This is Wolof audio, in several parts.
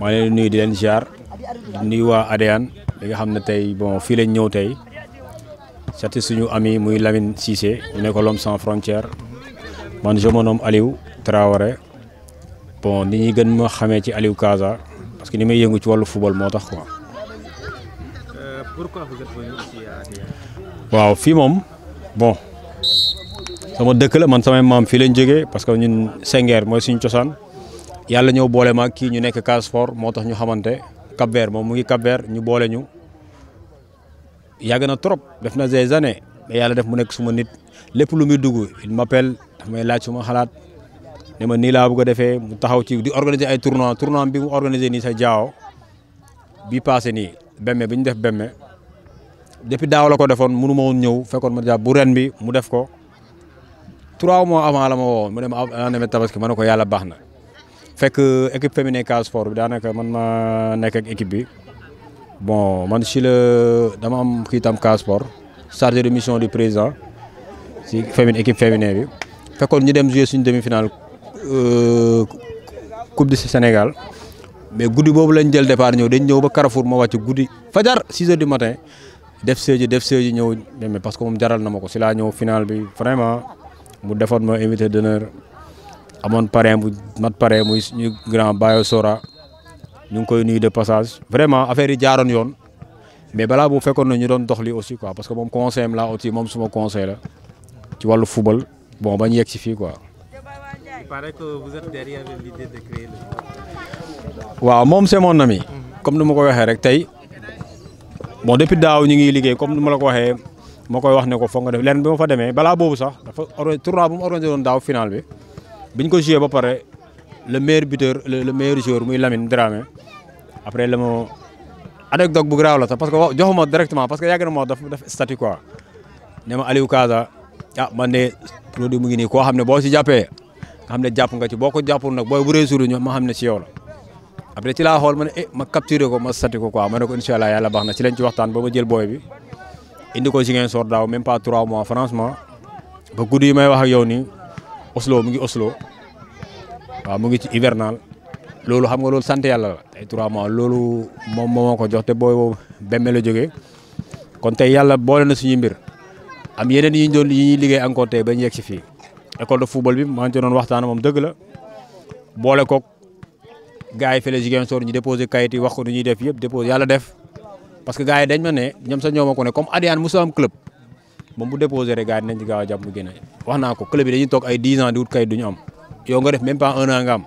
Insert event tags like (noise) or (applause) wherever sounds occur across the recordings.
maa leen nuyu di leen ziar nuyu waa ADEAN li nga xam ne tey bon fii lañ ñëw tey seeti suñu ami muy Lamine Cissé ñu ne ko l'homme sans frontière man je me nomme Aliou bon ni ñuy gën ma xamee ci Aliou Casa parce que ni may yëngu ci wàllu football moo tax quoi. waaw fii moom bon sama dëkk la man samay maam fii lañ jógee parce que ñun Senghor mooy suñu cosaan. yàlla ñëw boole ma kii ñu nekk Casa Sport moo tax ñu xamante Cap Vert moom mu ngi Cap Vert ñu boole ñu yàgg na trop def na des années yàlla def mu nekk suma nit lépp lu muy dugg il m'appelle daf may laaj suma xalaat ne ma nii laa bëgg a defee mu taxaw ci di organiser ay tournoi tournoi bi mu organiser nii sa jaaw bi passé nii bemme bi ñu def bemme depuis daaw la ko defoon mënu ma woon ñëw fekkoon ma jàpp bu ren bi mu def ko trois mois avant la ma woo mu ne ma tabaski ma ne ko yàlla baax na. fekk équipe féminin suis Sport Je suis ma équipe bon si de mission du président équipe demi-finale coupe du Sénégal mais départ Carrefour fajar 6 heures du matin def parce que vraiment je suis ma invité d'honneur amoon parrain bu mat parrain muy ñu grand Bayo Sora ñu koy nuyu de passage vraiment affaire yi jaaroon yoon mais bala bu fekkoon na ñu doon doxli aussi quoi parce que mom conseil la aussi mom suma conseil la ci walu football bon bañ yegg si fii quoi. paraît que vous êtes derrière l'idée de créer le. waaw mom c'est mon ami. comme ni ma ko waxe rek tay bon depuis daaw ñu ngi liggéey comme ni ma la ko waxee ma koy wax ne ko fo nga def lenn bi ma fa demee balaa boobu sax dafa tournoi bu mu organisé woon daaw final bi. biñ ko joué ba paré le meilleur buteur le meilleur joueur muy Lamine Dramé après la ma anecdote bu graw la parce que joxuma directement parce que yag na mo daf daf statut quoi néma Aliou Kaza ah man né produit mu ngi ni ko xamné bo ci jappé xamné japp nga ci boko jappul nak boy booy bu réussir ñu ma xamné ci yow la après ci la xol ma eh ma capturer ko ma statut ko quoi ma ko inshallah yalla baxna ci lañ ci waxtaan bama jël boy bi indi ko ci ngeen sor daw même pas 3 mois franchement ba goudi may wax ak yow ni Oslo mu ngi Oslo waaw mu ngi ci hivernal loolu xam nga loolu sant yàlla la ay trois mois loolu moom moo ko jox te booy boobu bemme a jógee kon tey yàlla boole na suñu mbir am yeneen yi ñu yi ñuy liggéey encore tey ba ñu yegg si fii école de football bi maa ngi ci doon waxtaan moom dëgg la boole koog gars yi fële Ziguinchor ñu déposé kayit yi wax ko nu ñuy def yëpp déposé yàlla def parce que gars yi dañ ma ne ñoom sa ñoom a ko ne comme Adiane musu am club. moom bu déposé rek gars yi dinañ a jàpp mu génne wax naa ko club bi dañuy toog ay 10 ans di wut kayit du am yow nga def même pas un nga am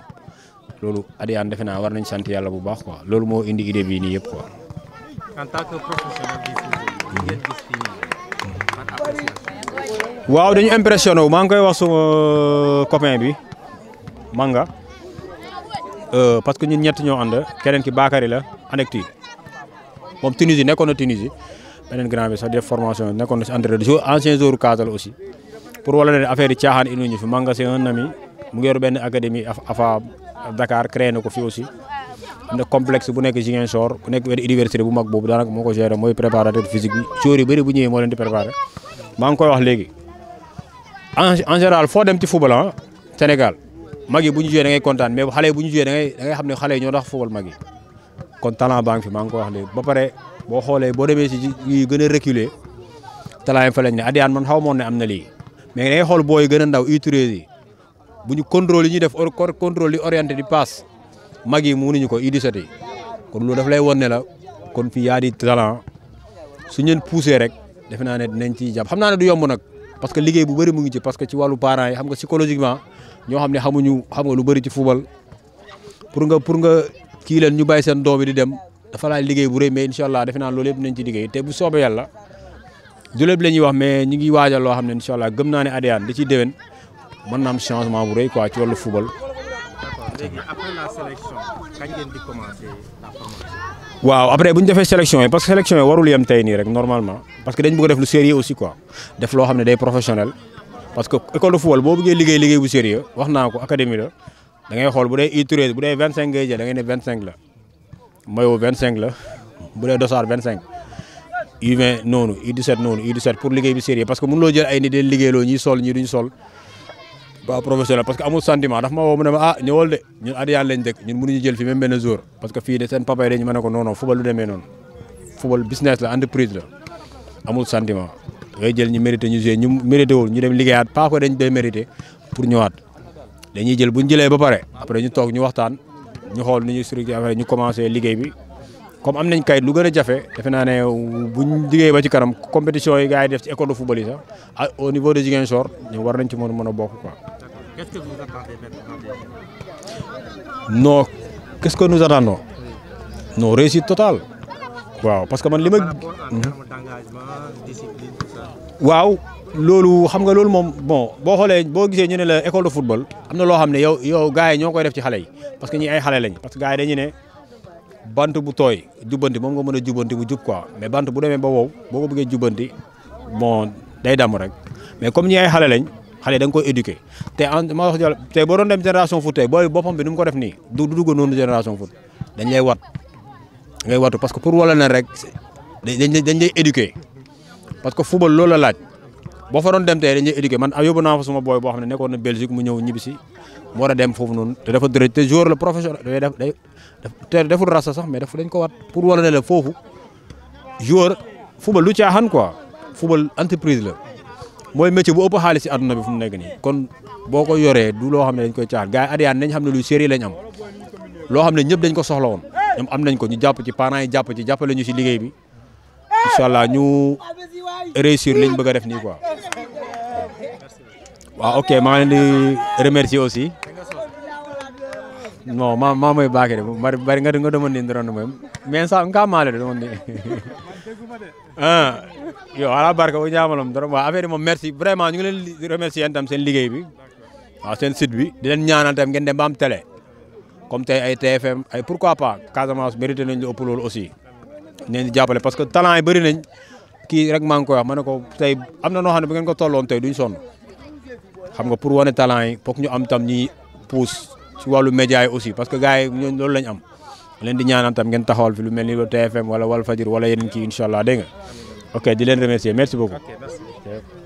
loolu Adiane defe naa war nañ sant yàlla bu baax quoi loolu moo indi idée bii nii yëpp quoi. en tant que waaw dañu impressionné wu maa ngi koy wax suma euh, copain bi Manga euh, parce que ñun ñett ñoo ànd keneen ki Bakary la anecdote moom Tunisie nekkoon na Tunisie. beneen grand bi sax def formation nekkoon na si entraîneur du ancien joueur Casal aussi pour wala ne affaire yi caaxaan indi fi Manga c'est un mu ngi benn académie afa Dakar créé na ko fi aussi am na complexe bu nekk Ziguinchor bu nekk benn université bu mag boobu daanaka moo ko géré mooy préparateur physique bi joueur bu ñëwee moo leen di préparé maa ngi koy wax léegi en général foo dem ci football ah, Sénégal mag yi bu ñu joué da ngay kontaan mais xale bu ñu joué da ne xale yi ñoo tax football mag yi kon talent baa ngi fi wax léegi boo xoolee boo demee si yi gën a reculer talaay fa lañ ne Adiane man xaw moon ne am na lii mais dangay xool booy gën a ndaw u yi bu ñu contrôle yi ñuy def contrôle yi orienté di passe mag yi mënuñu ko U17 kon loolu daf lay won ne la kon fii yaa di talent su ñeen poussé rek defe naa ne di dinañ ciy jàpp xam naa ne du yomb nag parce que liggéey bu bëri mu ngi ci parce que ci wàllu parents yi xam nga psychologiquement ñoo xam ne xamuñu xam nga lu bëri ci football pour nga pour nga kii leen ñu bàyyi seen doom yi di dem dafa laaj liggéey bu rëy mais incha allah defe naa loolu yëpp nañ ci liggéey te bu soobee yàlla du lépp la ñuy wax mais ñi ngi waajal loo xam ne incha allah gëm naa ne Adéane da ciy déwén mën na am changement bu rëy quoi ci wàllu football. waaw après bu ñu defee yi parce que sélection yi warul yem tey nii rek normalement parce que dañ bëgg def lu sérieux aussi quoi def loo xam ne day professionnel parce que école de football boo bëggee liggéey wax naa ko académie la da bu dee U13 bu la. maillot 25 la bu dee dossard 25 U20 noonu U17 noonu U17 pour liggéey bi sérieux parce que mënuloo jël ay nit di liggéeyloo ñi sol ñi duñ sol parce que amul sentiment ndax ma woo ne ma ah ñëwal de ñun Adiyane lañ dëkk ñun mënuñu jël fi même benn jour parce que fii de seen papa yi dañu mën a ko non football lu demee noonu football business la entreprise la amul sentiment ngay jël ñu mérité ñu joué ñu mérité wul ñu dem liggéeyaat ñu xool ni ñuy structuré affaire ñu commencé liggéey bi comme am nañ kayit lu gën a jafe defe naa ne bu buñ liggéey ba ci kanam compétition yi gars yi def ci école de football yi sax au niveau de Ziguinchor ñu war nañ ci mën mën a bokk quoi. qu'est-ce que vous quest que nous attendons non réussite totale. waaw parce que man li ma. waaw loolu xam nga loolu moom bon boo xoolee boo gisee ñu ne la école de football am na loo xam ne yow yow gars yi ñoo koy def ci xale yi parce que ñi ay xale lañ parce que gars yi dañu ne bant bu tooy jubbanti moom nga mën a jubbanti bu jub quoi mais bant bu demee ba wow boo ko bëggee jubbanti bon day damm rek mais comme ñi ay xale lañ xale da nga koy éduquer te en ma wax te boo doon dem génération foot tey booy bi nu mu ko def nii du dugg noonu génération foot dañ lay wat. ngay watu parce que pour wala na rek dañ dañ lay éduquer parce que football loolu la laaj boo fa doon demtee tey dañ lay éduquer man yóbbu naa fa suma booy boo xam ne nekkoon na Belgique mu ñëw ñibbi si mu war a dem foofu noonu te dafa dërëj te joueur la professionnel day def day te sax mais dafa dañ ko wat pour wala ne la foofu jour football lu caaxaan quoi football entreprise la mooy métier bu ëpp xaalis si àdduna bi fu mu nekk nii kon boo ko yoree du loo xam ne dañ koy caaxaan gars yi nañ xam ne lu sérieux lañ am loo xam ne ñëpp dañ ko soxla woon ñoom am nañ ko ñu jàpp ci parent yi jàpp ci jàppale ñu si liggéey bi incha allah ñu réussir liñ bëgg a def nii quoi. waaw ok maa ngi leen di remercier aussi non maa mooy baake de bari bari nga nga demoon nii ndoroon moom mais sax nga maale de demoon nii (laughs) ah yow ala barka bu ñaamalam dara waaw affaire yi moom merci vraiment ñu ngi leen di remercier yéen tam seen liggéey bi a seen site bi di leen ñaanal tam ngeen dem ba am comme tey ay TFM ay pourquoi pas Casamance mérité nañ loolu aussi nee ñu parce que talent yi bëri nañ kii rek maa ngi koy wax ne ko tey am na noo xam ne bu ngeen ko tolloon tey duñ sonn xam nga pour wane talent yi foog ñu am tam ñi pousse ci wàllu média yi aussi parce que gars yi ñooñu loolu lañ am leen di ñaanal tam ngeen taxawal fi lu mel ni lu TFM wala Walfadjri wala yeneen kii incha allah dégg nga ok di leen remercier merci beaucoup.